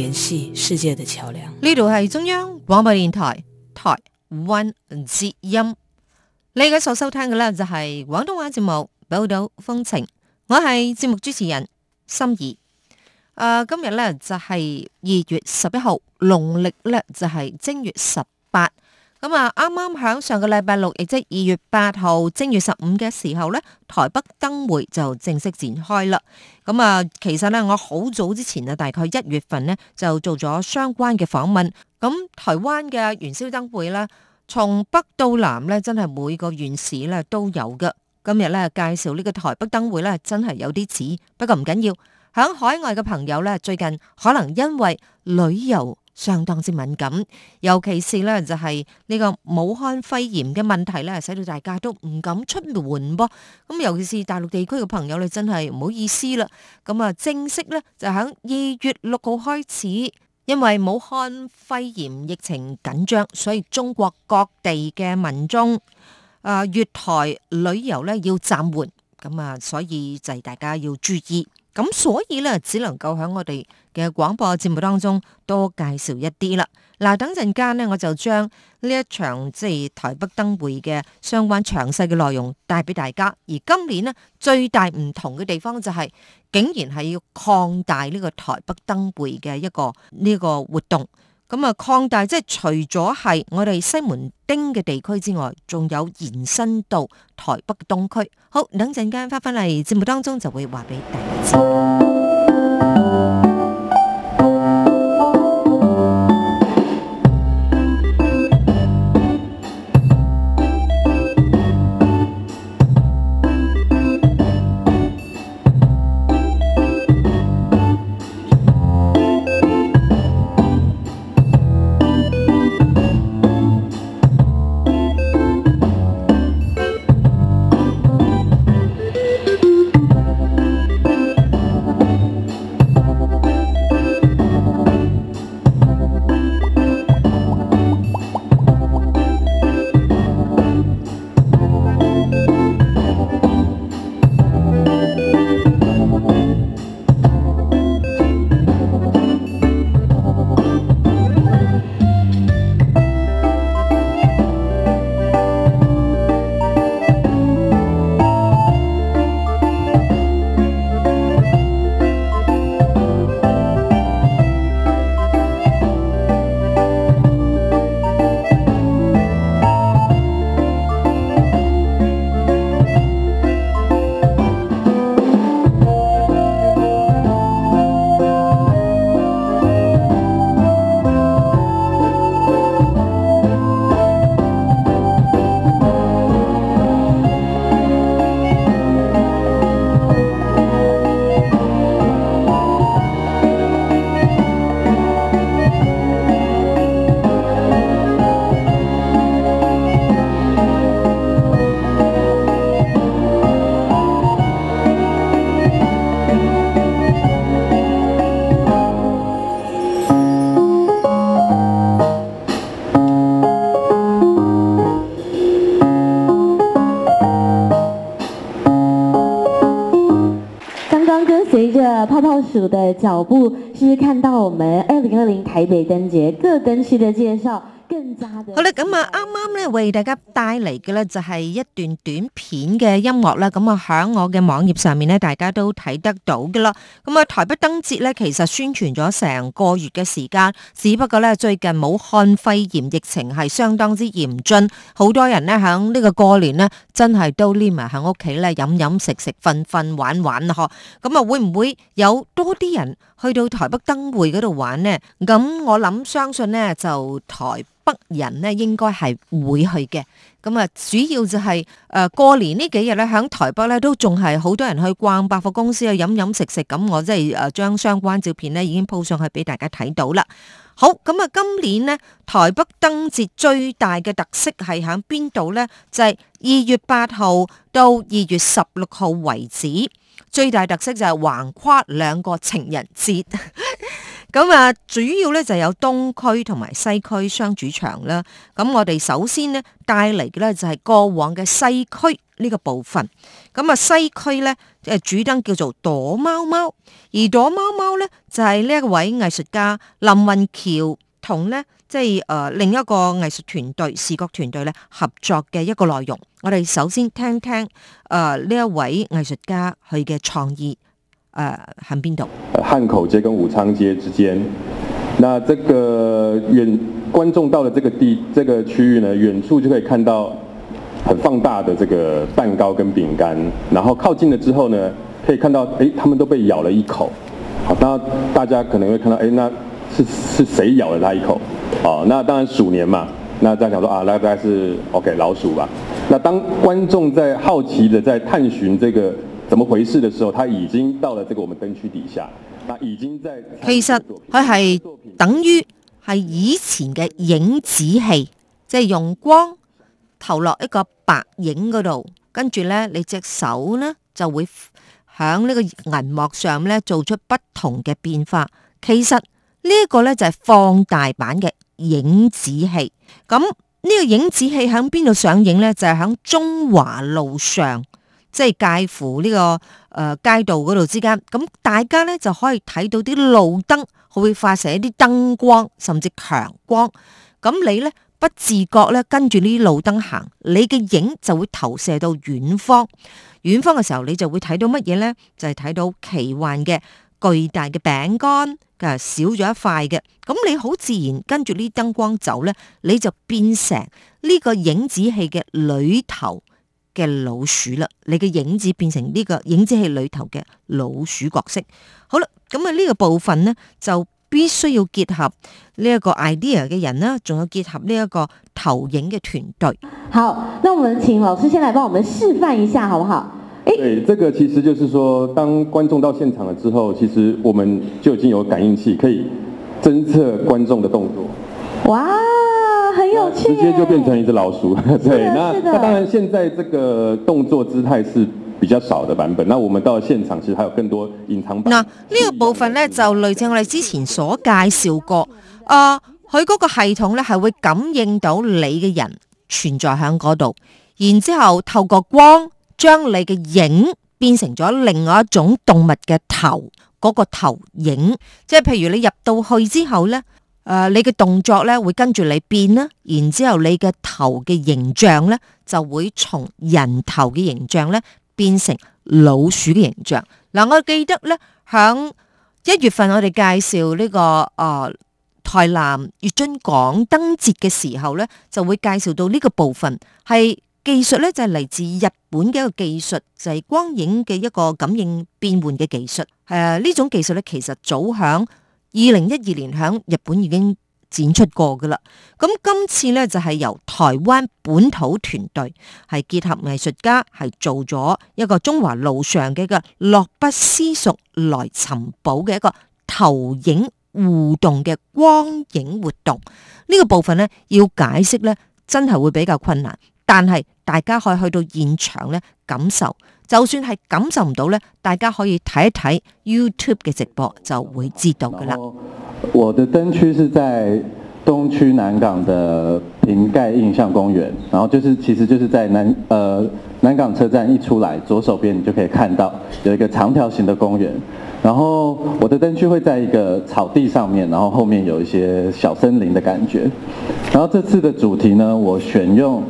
聯繫世界的橋樑。呢度係中央廣播電台台灣之音，你而家所收聽嘅呢，就係廣東話節目《寶島風情》，我係節目主持人心儀、呃。今日呢，就係、是、二月十一號，農曆呢，就係、是、正月十八。咁啊，啱啱響上個禮拜六，亦即係二月八號，正月十五嘅時候咧，台北燈會就正式展開啦。咁啊，其實咧，我好早之前啊，大概一月份呢，就做咗相關嘅訪問。咁台灣嘅元宵燈會咧，從北到南咧，真係每個縣市咧都有㗎。今日咧介紹呢個台北燈會咧，真係有啲似，不過唔緊要。喺海外嘅朋友咧，最近可能因為旅遊。相當之敏感，尤其是呢就係呢個武漢肺炎嘅問題呢，使到大家都唔敢出門噃。咁尤其是大陸地區嘅朋友，你真係唔好意思啦。咁啊，正式呢，就喺二月六號開始，因為武漢肺炎疫情緊張，所以中國各地嘅民眾啊，月台旅遊呢要暫緩。咁啊，所以就係大家要注意。咁所以咧，只能夠喺我哋嘅廣播節目當中多介紹一啲啦。嗱，等陣間咧，我就將呢一場即係台北燈會嘅相關詳細嘅內容帶俾大家。而今年咧，最大唔同嘅地方就係竟然係要擴大呢個台北燈會嘅一個呢個活動。咁啊，擴大即係除咗係我哋西門町嘅地區之外，仲有延伸到台北東區。好，等陣間翻返嚟節目當中就會話俾大家知。的腳步，是看到我們二零二零台北燈節各燈區的介紹。為大家帶嚟嘅呢就係一段短片嘅音樂啦。咁啊，響我嘅網頁上面呢，大家都睇得到嘅啦。咁啊，台北燈節呢，其實宣傳咗成個月嘅時間，只不過呢，最近武漢肺炎疫情係相當之嚴峻，好多人呢，響呢個過年呢，真係都匿埋響屋企呢，飲飲食食、瞓瞓、玩玩嗬，咁啊會唔會有多啲人？去到台北燈會嗰度玩呢，咁我諗相信呢，就台北人呢應該係會去嘅。咁啊，主要就係、是、誒、呃、過年幾呢幾日咧，喺台北咧都仲係好多人去逛百貨公司啊，去飲飲食食。咁我即係誒將相關照片呢已經鋪上去俾大家睇到啦。好，咁啊，今年呢，台北燈節最大嘅特色係喺邊度呢？就係、是、二月八號到二月十六號為止。最大特色就係橫跨兩個情人節，咁啊，主要咧就有東區同埋西區雙主場啦。咁、嗯、我哋首先呢帶嚟嘅咧就係過往嘅西區呢個部分。咁、嗯、啊，西區咧即係主燈叫做躲貓貓，而躲貓貓咧就係呢一位藝術家林運橋同咧。即係誒、呃、另一個藝術團隊視覺團隊咧合作嘅一個內容。我哋首先聽聽誒呢、呃、一位藝術家佢嘅創意誒喺邊度？漢、呃、口街跟武昌街之間。那這個遠觀眾到了這個地這個區域呢，遠處就可以看到很放大的這個蛋糕跟餅乾。然後靠近了之後呢，可以看到誒、欸，他們都被咬了一口。好，大家可能會看到誒、欸，那是是誰咬了那一口？哦，那當然鼠年嘛，那再想說啊，那應該是 O.K. 老鼠吧？那當觀眾在好奇的在探尋這個怎麼回事的時候，他已經到了這個我們燈區底下，那已經在其實佢係等於係以前嘅影子戲，即係用光投落一個白影度，跟住咧你隻手咧就會響呢個銀幕上咧做出不同嘅變化，其實。呢一個咧就係放大版嘅影子戲，咁呢個影子戲喺邊度上映咧？就係喺中華路上，即係介乎呢個誒街道嗰度之間。咁大家咧就可以睇到啲路燈，佢會發射一啲燈光，甚至強光。咁你咧不自覺咧跟住呢啲路燈行，你嘅影就會投射到遠方。遠方嘅時候，你就會睇到乜嘢咧？就係睇到奇幻嘅。巨大嘅餅乾，佢少咗一塊嘅，咁你好自然跟住呢燈光走咧，你就變成呢個影子戲嘅裏頭嘅老鼠啦。你嘅影子變成呢個影子戲裏頭嘅老鼠角色。好啦，咁啊呢個部分呢就必須要結合呢一個 idea 嘅人啦，仲有結合呢一個投影嘅團隊。好，那我們請老師先來幫我們示範一下，好不好？對，這個其實就是說，當觀眾到現場了之後，其實我們就已經有感應器可以偵測觀眾的動作。哇，很有趣，直接就變成一隻老鼠。對，那那當然，現在這個動作姿態是比較少的版本。那我們到現場其實還有更多隱藏版。嗱，呢個部分呢，就類似我哋之前所介紹過，誒，佢嗰個系統呢，係會感應到你嘅人存在喺嗰度，然之後透過光。將你嘅影，變成咗另外一種動物嘅頭，嗰、那個頭影，即係譬如你入到去之後呢，誒、呃，你嘅動作呢會跟住你變啦，然之後你嘅頭嘅形象呢，就會從人頭嘅形象呢變成老鼠嘅形象。嗱、呃，我記得呢，響一月份我哋介紹呢、這個誒、呃、台南月津港燈節嘅時候呢，就會介紹到呢個部分係。技術咧就係、是、嚟自日本嘅一個技術，就係、是、光影嘅一個感應變換嘅技術。誒、啊，呢種技術咧其實早響二零一二年響日本已經展出過噶啦。咁今次咧就係、是、由台灣本土團隊係結合藝術家係做咗一個中華路上嘅一個樂不思蜀來尋寶嘅一個投影互動嘅光影活動。呢、這個部分呢，要解釋呢，真係會比較困難。但係，大家可以去到現場呢，感受，就算係感受唔到呢，大家可以睇一睇 YouTube 嘅直播就會知道㗎啦。我的燈區是在東區南港的瓶蓋印象公園，然後就是其實就是在南呃南港車站一出來，左手邊你就可以看到有一個長條形的公園。然後我的燈區會在一個草地上面，然後後面有一些小森林嘅感覺。然後這次嘅主題呢，我選用。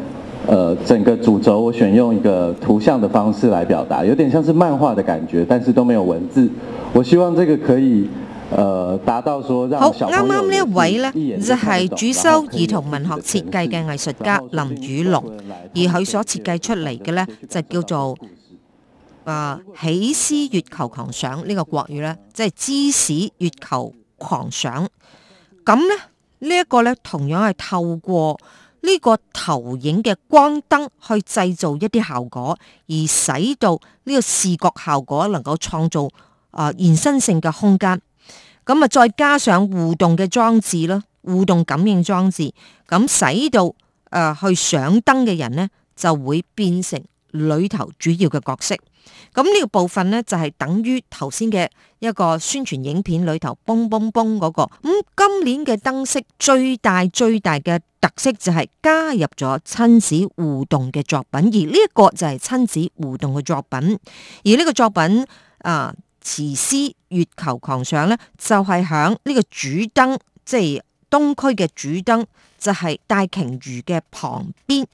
呃，整個主軸我選用一個圖像的方式來表達，有點像是漫畫的感覺，但是都沒有文字。我希望這個可以，呃，達到說讓好啱啱呢一剛剛位呢，就係主修兒童文學設計嘅藝術家林宇龍，而佢所設計出嚟嘅呢，就叫做啊起司月球狂想呢，這個國語呢，即、就、係、是、芝士月球狂想。咁呢，呢，這、一個呢，同樣係透過。呢個投影嘅光燈去製造一啲效果，而使到呢個視覺效果能夠創造啊延伸性嘅空間。咁啊，再加上互動嘅裝置咯，互動感應裝置，咁使到誒去上燈嘅人呢，就會變成裏頭主要嘅角色。咁呢個部分呢，就係、是、等於頭先嘅一個宣傳影片裏頭嘣嘣嘣嗰個，咁今年嘅燈飾最大最大嘅特色就係加入咗親子互動嘅作品，而呢一個就係親子互動嘅作品，而呢個作品啊，慈師月球狂想呢，就係響呢個主燈即係。就是東區嘅主燈就係、是、大鯨魚嘅旁邊，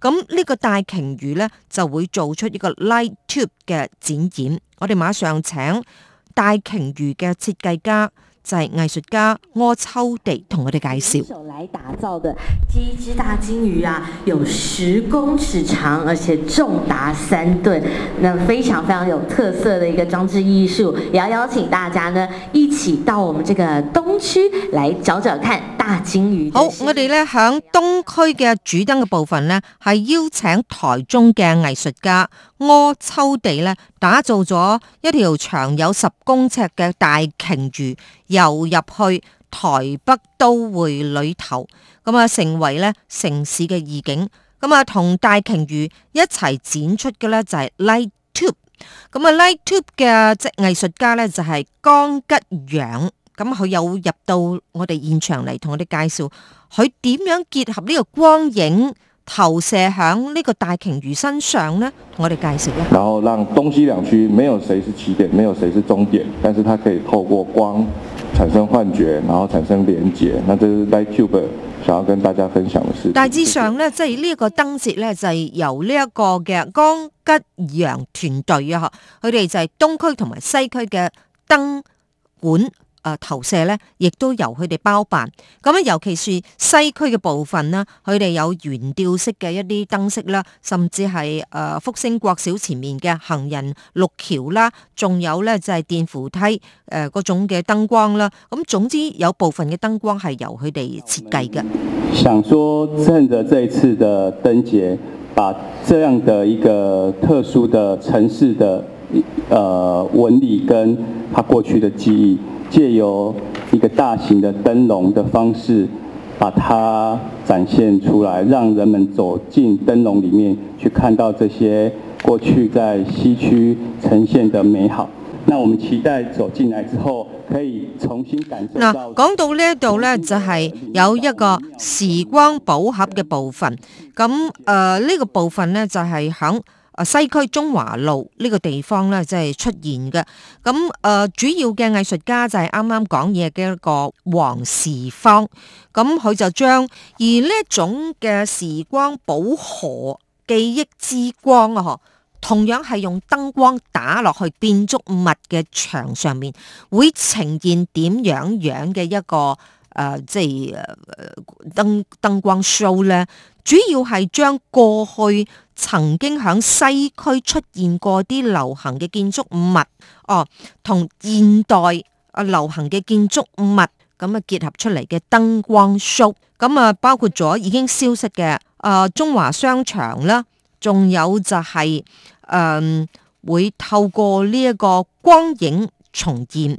咁呢個大鯨魚咧就會做出一個 Light Tube 嘅展演。我哋馬上請大鯨魚嘅設計家。就係藝術家柯秋地同我哋介紹，來打造嘅第一隻大金魚啊，有十公尺長，而且重達三噸，非常非常有特色嘅一個裝置藝術，也要邀請大家呢，一起到我們這個東區來找找看大金魚。好，我哋呢響東區嘅主燈嘅部分呢，係邀請台中嘅藝術家柯秋地呢打造咗一條長有十公尺嘅大鯨魚游入去台北都會裏頭，咁啊成為咧城市嘅意境。咁啊同大鯨魚一齊展出嘅咧就係 Light Tube。咁啊 Light Tube 嘅即藝術家咧就係江吉揚。咁佢又入到我哋現場嚟同我哋介紹佢點樣結合呢個光影。投射喺呢個大鯨魚身上咧，我哋介紹一下。然後讓東西兩區沒有誰是起點，沒有誰是終點，但是它可以透過光產生幻覺，然後產生連結。那這是 Light Cube 想要跟大家分享嘅事。大致上呢，即係呢一個燈節咧，就係由呢一個嘅江吉洋團隊啊，佢哋就係東區同埋西區嘅燈管。誒、啊、投射咧，亦都由佢哋包辦。咁啊，尤其是西區嘅部分啦，佢哋有懸吊式嘅一啲燈飾啦，甚至係誒、呃、福星國小前面嘅行人陸橋啦，仲、啊、有咧就係、是、電扶梯誒嗰、呃、種嘅燈光啦。咁、啊、總之有部分嘅燈光係由佢哋設計嘅。想說趁著這次嘅燈節，把這樣嘅一個特殊的城市嘅誒紋理，跟佢過去嘅記憶，借由一個大型的燈籠的方式，把它展現出來，讓人們走進燈籠裡面去看到這些過去在西區呈現的美好。那我們期待走進來之後，可以重新感受。嗱，講到呢度呢，就係、是、有一個時光寶盒嘅部分。咁誒，呢、呃這個部分呢，就係響。西區中華路呢個地方咧，即、就、係、是、出現嘅。咁、嗯、誒、呃，主要嘅藝術家就係啱啱講嘢嘅一個黃時芳。咁、嗯、佢就將而呢一種嘅時光寶盒、記憶之光啊，嗬，同樣係用燈光打落去建築物嘅牆上面，會呈現點樣樣嘅一個誒、呃，即係、呃、燈燈光 show 咧。主要係將過去。曾經響西區出現過啲流行嘅建築物，哦，同現代啊流行嘅建築物咁啊、嗯、結合出嚟嘅燈光 show，咁、嗯、啊包括咗已經消失嘅啊中華商場啦，仲有就係、是、誒、嗯、會透過呢一個光影重現，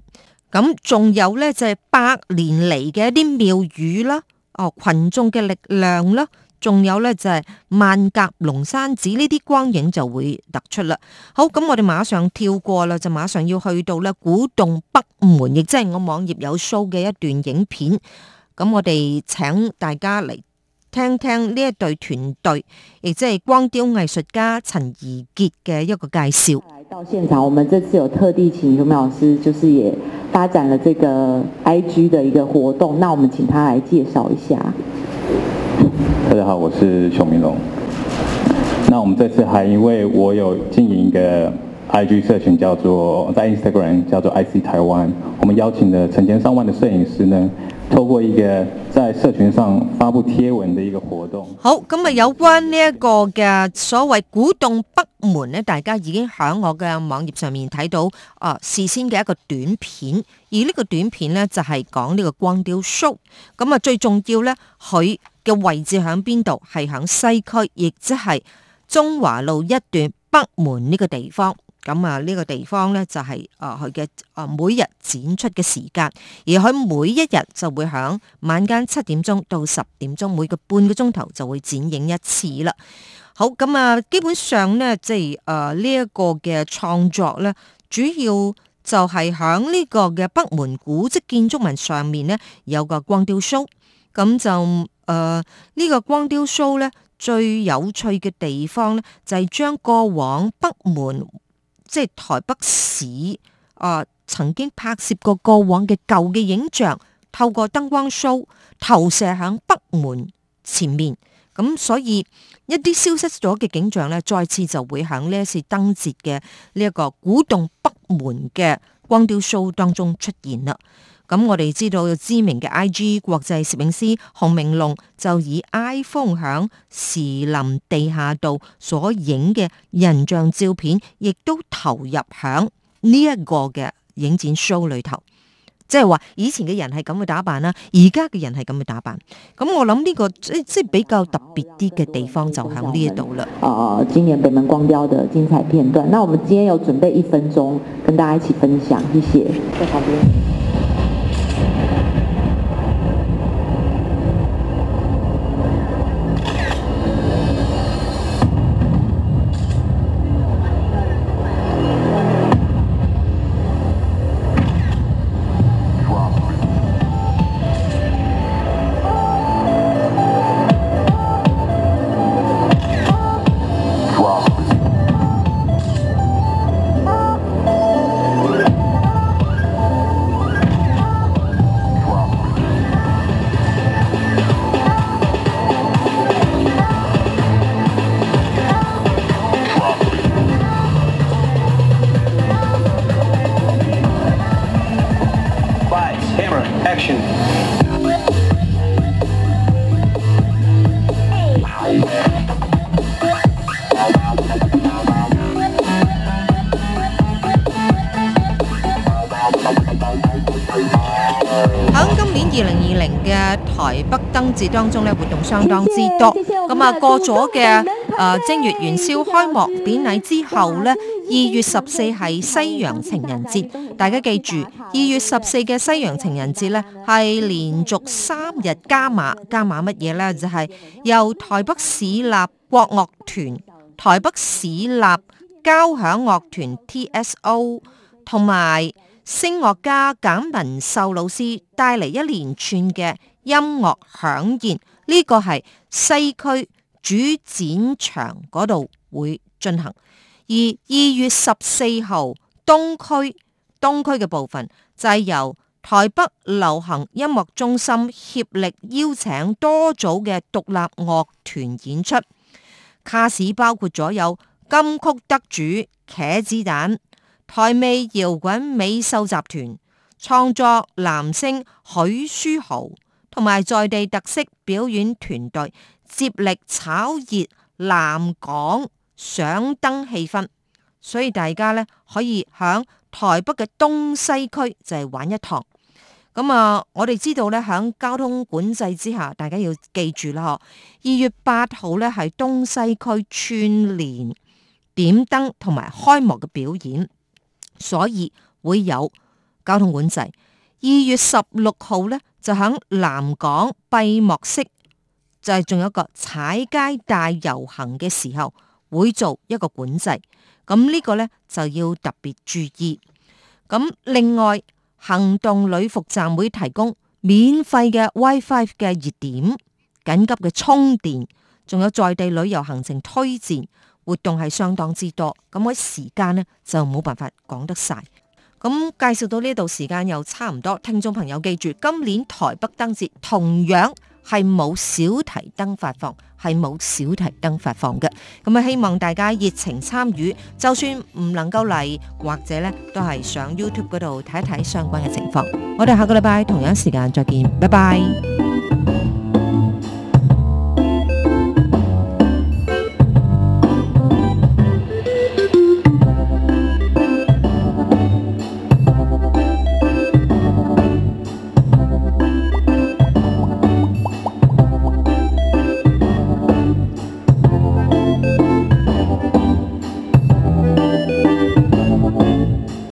咁、嗯、仲有呢，就係、是、百年嚟嘅一啲廟宇啦，哦、呃、群眾嘅力量啦。仲有呢，就係萬甲龍山寺呢啲光影就會突出啦。好，咁我哋馬上跳過啦，就馬上要去到咧古洞北門，亦即係我網頁有 show 嘅一段影片。咁我哋請大家嚟聽聽呢一隊團隊，亦即係光雕藝術家陳怡傑嘅一個介紹。到現場，我們這次有特地請朱明老師，就是也發展了這個 IG 嘅一個活動。那我們請他嚟介紹一下。大家好，我是熊明龍。那我們這次還因為我有經營一個 IG 社群，叫做在 Instagram 叫做 IC 台灣，我們邀請了成千上萬的攝影師呢，透過一個在社群上發布貼文的一個活動。好，咁啊有關呢一個嘅所謂古洞北門呢，大家已經喺我嘅網頁上面睇到啊，事先嘅一個短片，而呢個短片呢，就係講呢個光雕 show。咁啊，最重要呢，佢嘅位置響邊度？係響西區，亦即係中華路一段北門呢個地方。咁啊，呢個地方咧就係啊佢嘅啊每日展出嘅時間，而佢每一日就會響晚間七點鐘到十點鐘，每個半個鐘頭就會展映一次啦。好咁啊，基本上咧，即係啊呢一個嘅創作咧，主要就係響呢個嘅北門古蹟建築物上面咧，有個光雕 show 咁就。誒，呢、呃這個光雕 show 咧最有趣嘅地方咧，就係、是、將過往北門，即係台北市啊、呃，曾經拍攝過過往嘅舊嘅影像，透過燈光 show 投射響北門前面。咁、嗯、所以一啲消失咗嘅景象咧，再次就會響呢一次燈節嘅呢一個古洞北門嘅光雕 show 當中出現啦。咁我哋知道有知名嘅 IG 國際攝影師洪明龍就以 iPhone 響士林地下道所影嘅人像照片，亦都投入響呢一個嘅影展 show 裏頭。即係話以前嘅人係咁嘅打扮啦，而家嘅人係咁嘅打扮。咁我諗呢、這個即係、就是、比較特別啲嘅地方就響呢一度啦。哦、嗯，今年北門光雕嘅精彩片段。那我們今天有準備一分鐘，跟大家一起分享，謝謝。在旁邊。節當中咧活動相當之多，咁、嗯、啊過咗嘅誒正月元宵開幕典禮之後咧，二月十四係西洋情人節，大家記住，二月十四嘅西洋情人節咧係連續三日加碼，加碼乜嘢呢？就係、是、由台北市立國樂團、台北市立交響樂團 TSO 同埋聲樂家簡文秀老師帶嚟一連串嘅。音樂響現呢、這個係西區主展場嗰度會進行，而二月十四號東區東區嘅部分就係、是、由台北流行音樂中心協力邀請多組嘅獨立樂團演出卡士，包括咗有金曲得主茄子蛋、台味搖滾美秀集團、創作男聲許書豪。同埋在地特色表演團隊接力炒熱南港上燈氣氛，所以大家咧可以喺台北嘅東西區就係玩一趟。咁、嗯、啊，我哋知道咧喺交通管制之下，大家要記住啦呵。二月八號咧係東西區串聯點燈同埋開幕嘅表演，所以會有交通管制。二月十六號咧。就喺南港閉幕式，就係仲有一個踩街大遊行嘅時候，會做一個管制。咁呢個咧就要特別注意。咁另外行動旅服站會提供免費嘅 WiFi 嘅熱點、緊急嘅充電，仲有在地旅遊行程推薦活動係相當之多。咁喺時間咧就冇辦法講得晒。咁介紹到呢度，時間又差唔多。聽眾朋友記住，今年台北燈節同樣係冇小提燈發放，係冇小提燈發放嘅。咁啊，希望大家熱情參與，就算唔能夠嚟，或者呢都係上 YouTube 嗰度睇一睇相關嘅情況。我哋下個禮拜同樣時間再見，拜拜。